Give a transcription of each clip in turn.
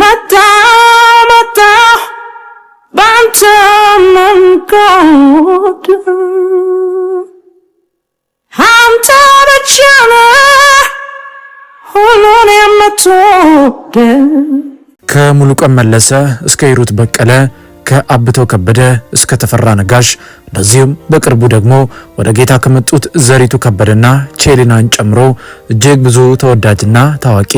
መጣ መጣ በአንተ መንገድ አንተ ብቻ ነህ ሁሉን የምትወድ ከሙሉቀን መለሰ እስከ ሂሩት በቀለ ከአብተው ከበደ እስከ ተፈራ ነጋሽ እንደዚሁም በቅርቡ ደግሞ ወደ ጌታ ከመጡት ዘሪቱ ከበደና ቼሊናን ጨምሮ እጅግ ብዙ ተወዳጅና ታዋቂ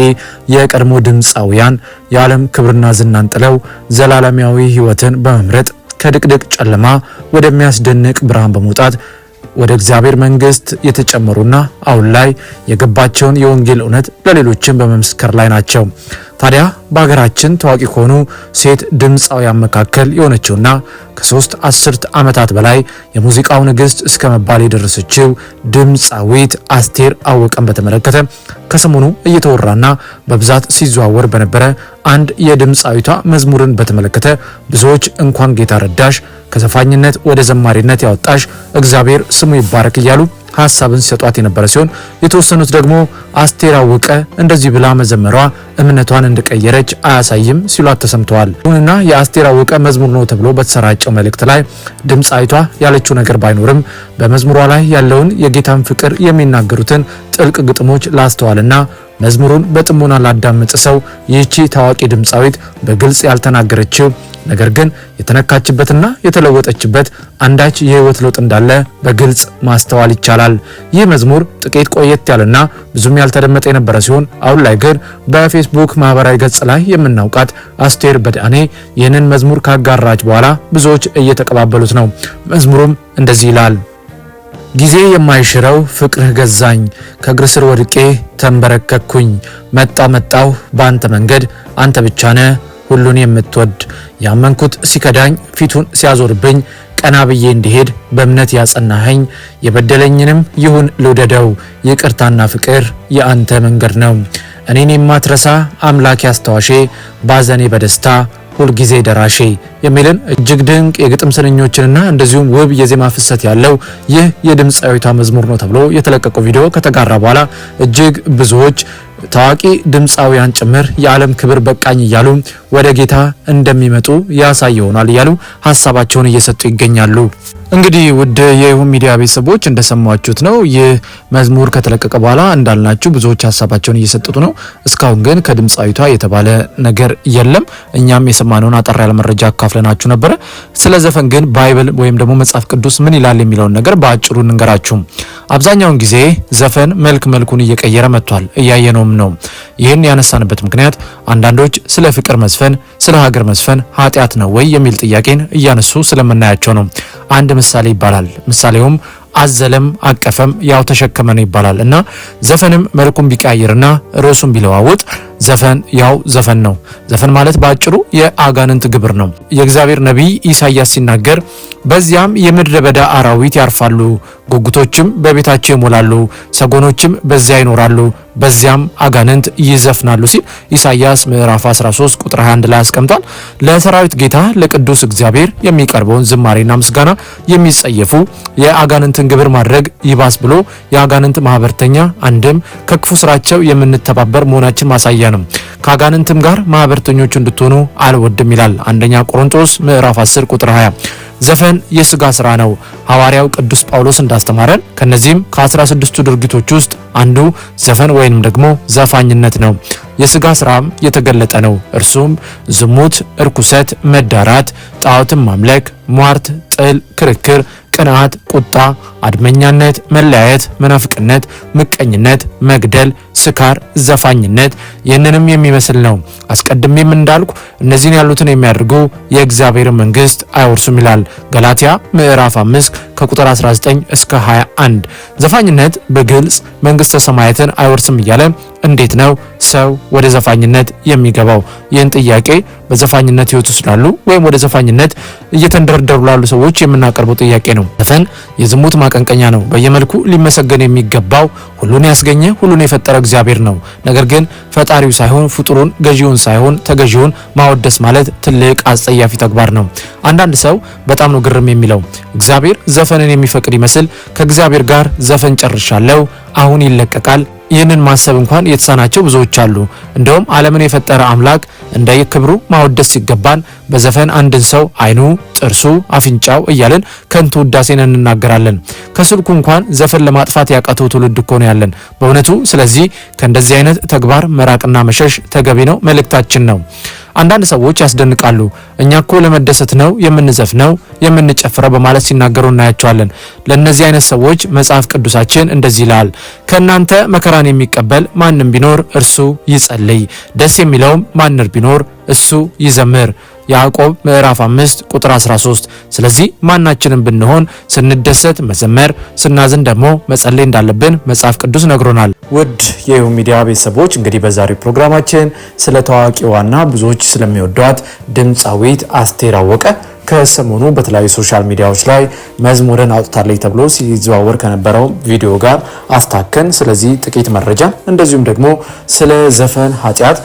የቀድሞ ድምፃውያን የዓለም ክብርና ዝናን ጥለው ዘላለማዊ ሕይወትን በመምረጥ ከድቅድቅ ጨለማ ወደሚያስደንቅ ብርሃን በመውጣት ወደ እግዚአብሔር መንግስት የተጨመሩና አሁን ላይ የገባቸውን የወንጌል እውነት ለሌሎችን በመምስከር ላይ ናቸው። ታዲያ በሀገራችን ታዋቂ ከሆኑ ሴት ድምፃውያን መካከል የሆነችውና ከሶስት አስርት ዓመታት በላይ የሙዚቃው ንግሥት እስከ መባል የደረሰችው ድምፃዊት አስቴር አወቀን በተመለከተ ከሰሞኑ እየተወራና በብዛት ሲዘዋወር በነበረ አንድ የድምፃዊቷ መዝሙርን በተመለከተ ብዙዎች እንኳን ጌታ ረዳሽ ከዘፋኝነት ወደ ዘማሪነት ያወጣሽ እግዚአብሔር ስሙ ይባረክ እያሉ ሀሳብን ሲሰጧት የነበረ ሲሆን የተወሰኑት ደግሞ አስቴር አወቀ እንደዚህ ብላ መዘመሯ እምነቷን እንደቀየረች አያሳይም ሲሏት ተሰምተዋል። ይሁንና የአስቴር አወቀ መዝሙር ነው ተብሎ በተሰራጨው መልእክት ላይ ድምፃዊቷ ያለችው ነገር ባይኖርም በመዝሙሯ ላይ ያለውን የጌታን ፍቅር የሚናገሩትን ጥልቅ ግጥሞች ላስተዋልና መዝሙሩን በጥሞና ላዳመጠ ሰው ይህቺ ታዋቂ ድምፃዊት በግልጽ ያልተናገረችው ነገር ግን የተነካችበትና የተለወጠችበት አንዳች የህይወት ለውጥ እንዳለ በግልጽ ማስተዋል ይቻላል። ይህ መዝሙር ጥቂት ቆየት ያለና ብዙም ያልተደመጠ የነበረ ሲሆን አሁን ላይ ግን በፌስቡክ ማህበራዊ ገጽ ላይ የምናውቃት አስቴር በዳኔ ይህንን መዝሙር ካጋራች በኋላ ብዙዎች እየተቀባበሉት ነው። መዝሙሩም እንደዚህ ይላል። ጊዜ የማይሽረው ፍቅርህ ገዛኝ፣ ከእግር ስር ወድቄ ተንበረከኩኝ። መጣ መጣሁ በአንተ መንገድ፣ አንተ ብቻ ነህ ሁሉን የምትወድ ያመንኩት ሲከዳኝ ፊቱን ሲያዞርብኝ ቀና ብዬ እንዲሄድ በእምነት ያጸናኸኝ፣ የበደለኝንም ይሁን ልውደደው። ይቅርታና ፍቅር የአንተ መንገድ ነው። እኔን የማትረሳ አምላኬ ያስተዋሼ ባዘኔ በደስታ ሁልጊዜ ደራሼ የሚልን እጅግ ድንቅ የግጥም ስንኞችንና እንደዚሁም ውብ የዜማ ፍሰት ያለው ይህ የድምፃዊቷ መዝሙር ነው ተብሎ የተለቀቀው ቪዲዮ ከተጋራ በኋላ እጅግ ብዙዎች ታዋቂ ድምፃውያን ጭምር የዓለም ክብር በቃኝ እያሉ ወደ ጌታ እንደሚመጡ ያሳይ ይሆናል እያሉ ሀሳባቸውን እየሰጡ ይገኛሉ። እንግዲህ ውድ የይሁን ሚዲያ ቤተሰቦች እንደሰማችሁት ነው። ይህ መዝሙር ከተለቀቀ በኋላ እንዳልናችሁ ብዙዎች ሀሳባቸውን እየሰጠጡ ነው። እስካሁን ግን ከድምፃዊቷ የተባለ ነገር የለም። እኛም የሰማነውን አጠር ያለ መረጃ አካፍለናችሁ ነበረ። ስለ ዘፈን ግን ባይብል ወይም ደግሞ መጽሐፍ ቅዱስ ምን ይላል የሚለውን ነገር በአጭሩ እንንገራችሁ። አብዛኛውን ጊዜ ዘፈን መልክ መልኩን እየቀየረ መጥቷል፣ እያየነውም ነው። ይህን ያነሳንበት ምክንያት አንዳንዶች ስለ ፍቅር መዝፈን፣ ስለ ሀገር መዝፈን ኃጢአት ነው ወይ የሚል ጥያቄን እያነሱ ስለምናያቸው ነው። አንድ ምሳሌ ይባላል። ምሳሌውም አዘለም አቀፈም ያው ተሸከመ ነው ይባላል እና ዘፈንም መልኩን ቢቀያይርና ርዕሱን ቢለዋውጥ ዘፈን ያው ዘፈን ነው። ዘፈን ማለት በአጭሩ የአጋንንት ግብር ነው። የእግዚአብሔር ነቢይ ኢሳይያስ ሲናገር በዚያም የምድረ በዳ አራዊት ያርፋሉ፣ ጉጉቶችም በቤታቸው ይሞላሉ፣ ሰጎኖችም በዚያ ይኖራሉ፣ በዚያም አጋንንት ይዘፍናሉ ሲል ኢሳይያስ ምዕራፍ 13 ቁጥር 21 ላይ አስቀምጧል። ለሰራዊት ጌታ ለቅዱስ እግዚአብሔር የሚቀርበውን ዝማሬና ምስጋና የሚጸየፉ የአጋንንትን ግብር ማድረግ ይባስ ብሎ የአጋንንት ማህበርተኛ አንድም ከክፉ ስራቸው የምንተባበር መሆናችን ማሳያ ነው። ከአጋንንትም ጋር ማህበርተኞቹ እንድትሆኑ አልወድም ይላል አንደኛ ቆሮንቶስ ምዕራፍ 10 ቁጥር 20። ዘፈን የስጋ ስራ ነው። ሐዋርያው ቅዱስ ጳውሎስ እንዳስተማረን ከነዚህም ከ16ቱ ድርጊቶች ውስጥ አንዱ ዘፈን ወይንም ደግሞ ዘፋኝነት ነው። የስጋ ስራም የተገለጠ ነው። እርሱም ዝሙት፣ እርኩሰት፣ መዳራት፣ ጣዖትን ማምለክ፣ ሟርት፣ ጥል፣ ክርክር ቅንዓት፣ ቁጣ፣ አድመኛነት፣ መለያየት፣ መናፍቅነት፣ ምቀኝነት፣ መግደል፣ ስካር፣ ዘፋኝነት ይህንንም የሚመስል ነው። አስቀድሜም እንዳልኩ እነዚህን ያሉትን የሚያደርጉ የእግዚአብሔር መንግሥት አይወርሱም ይላል ገላትያ ምዕራፍ 5 ከቁጥር 19 እስከ 21። ዘፋኝነት በግልጽ መንግሥተ ሰማያትን አይወርስም እያለ እንዴት ነው ሰው ወደ ዘፋኝነት የሚገባው? ይህን ጥያቄ በዘፋኝነት ህይወት ውስጥ ላሉ ወይም ወደ ዘፋኝነት እየተንደረደሩ ላሉ ሰዎች የምናቀርበው ጥያቄ ነው። ዘፈን የዝሙት ማቀንቀኛ ነው። በየመልኩ ሊመሰገን የሚገባው ሁሉን ያስገኘ ሁሉን የፈጠረ እግዚአብሔር ነው። ነገር ግን ፈጣሪው ሳይሆን ፍጡሩን፣ ገዢውን ሳይሆን ተገዢውን ማወደስ ማለት ትልቅ አስጸያፊ ተግባር ነው። አንዳንድ ሰው በጣም ነው ግርም የሚለው እግዚአብሔር ዘፈንን የሚፈቅድ ይመስል ከእግዚአብሔር ጋር ዘፈን ጨርሻለሁ፣ አሁን ይለቀቃል ይህንን ማሰብ እንኳን የተሳናቸው ብዙዎች አሉ። እንደውም ዓለምን የፈጠረ አምላክ እንደ ክብሩ ማወደስ ሲገባን በዘፈን አንድን ሰው አይኑ፣ ጥርሱ፣ አፍንጫው እያለን ከንቱ ውዳሴን እንናገራለን። ከስልኩ እንኳን ዘፈን ለማጥፋት ያቃተው ትውልድ እኮ ነው ያለን በእውነቱ። ስለዚህ ከእንደዚህ አይነት ተግባር መራቅና መሸሽ ተገቢ ነው፣ መልእክታችን ነው። አንዳንድ ሰዎች ያስደንቃሉ። እኛ እኮ ለመደሰት ነው የምንዘፍነው የምንጨፍረው በማለት ሲናገሩ እናያቸዋለን። ለእነዚህ አይነት ሰዎች መጽሐፍ ቅዱሳችን እንደዚህ ይላል፣ ከእናንተ መከራን የሚቀበል ማንም ቢኖር እርሱ ይጸልይ፣ ደስ የሚለውም ማንር ቢኖር እሱ ይዘምር። ያዕቆብ ምዕራፍ 5 ቁጥር 13። ስለዚህ ማናችንም ብንሆን ስንደሰት መዘመር፣ ስናዝን ደግሞ መጸለይ እንዳለብን መጽሐፍ ቅዱስ ነግሮናል። ውድ የኢሁ ሚዲያ ቤተሰቦች እንግዲህ በዛሬው ፕሮግራማችን ስለ ታዋቂዋና ብዙዎች ስለሚወዷት ድምፃዊት አስቴር አወቀ ከሰሞኑ በተለያዩ ሶሻል ሚዲያዎች ላይ መዝሙርን አውጥታለች ተብሎ ሲዘዋወር ከነበረው ቪዲዮ ጋር አስታከን ስለዚህ ጥቂት መረጃ እንደዚሁም ደግሞ ስለ ዘፈን ኃጢአት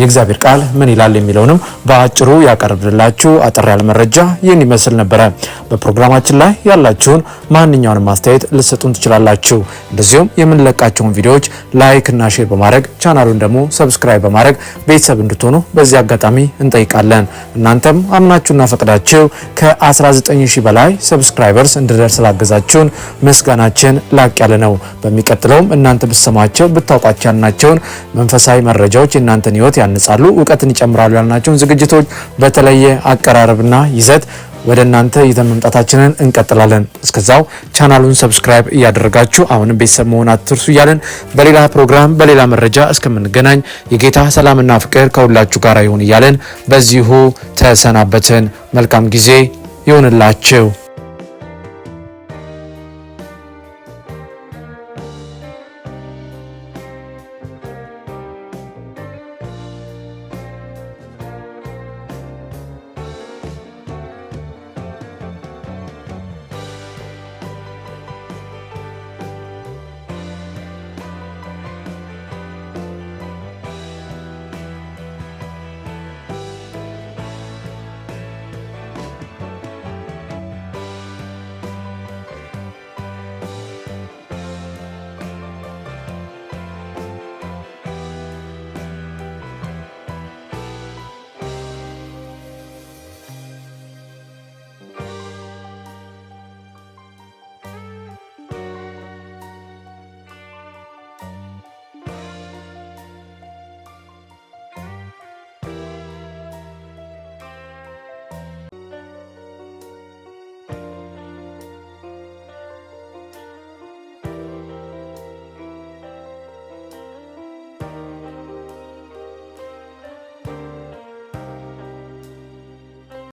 የእግዚአብሔር ቃል ምን ይላል የሚለውንም በአጭሩ ያቀርብላችሁ አጠር ያለ መረጃ ይህን ይመስል ነበረ። በፕሮግራማችን ላይ ያላችሁን ማንኛውንም ማስተያየት ልሰጡን ትችላላችሁ። እንደዚሁም የምንለቃቸውን ቪዲዮዎች ላይክ እና ሼር በማድረግ ቻናሉን ደግሞ ሰብስክራይብ በማድረግ ቤተሰብ እንድትሆኑ በዚህ አጋጣሚ እንጠይቃለን። እናንተም አምናችሁና ፈቅዳ እየረዳችሁ ከ19000 በላይ ሰብስክራይበርስ እንድደርስ ስላገዛችሁን ምስጋናችን ላቅ ያለ ነው። በሚቀጥለውም እናንተ ብትሰማቸው ብታውቋቸው ያልናቸውን መንፈሳዊ መረጃዎች የእናንተን ህይወት ያንጻሉ፣ እውቀትን ይጨምራሉ ያልናቸውን ዝግጅቶች በተለየ አቀራረብና ይዘት ወደ እናንተ ይዘን መምጣታችንን እንቀጥላለን። እስከዛው ቻናሉን ሰብስክራይብ እያደረጋችሁ አሁንም ቤተሰብ መሆን አትርሱ እያለን በሌላ ፕሮግራም በሌላ መረጃ እስከምንገናኝ የጌታ ሰላምና ፍቅር ከሁላችሁ ጋር ይሁን እያለን በዚሁ ተሰናበትን። መልካም ጊዜ ይሁንላችሁ።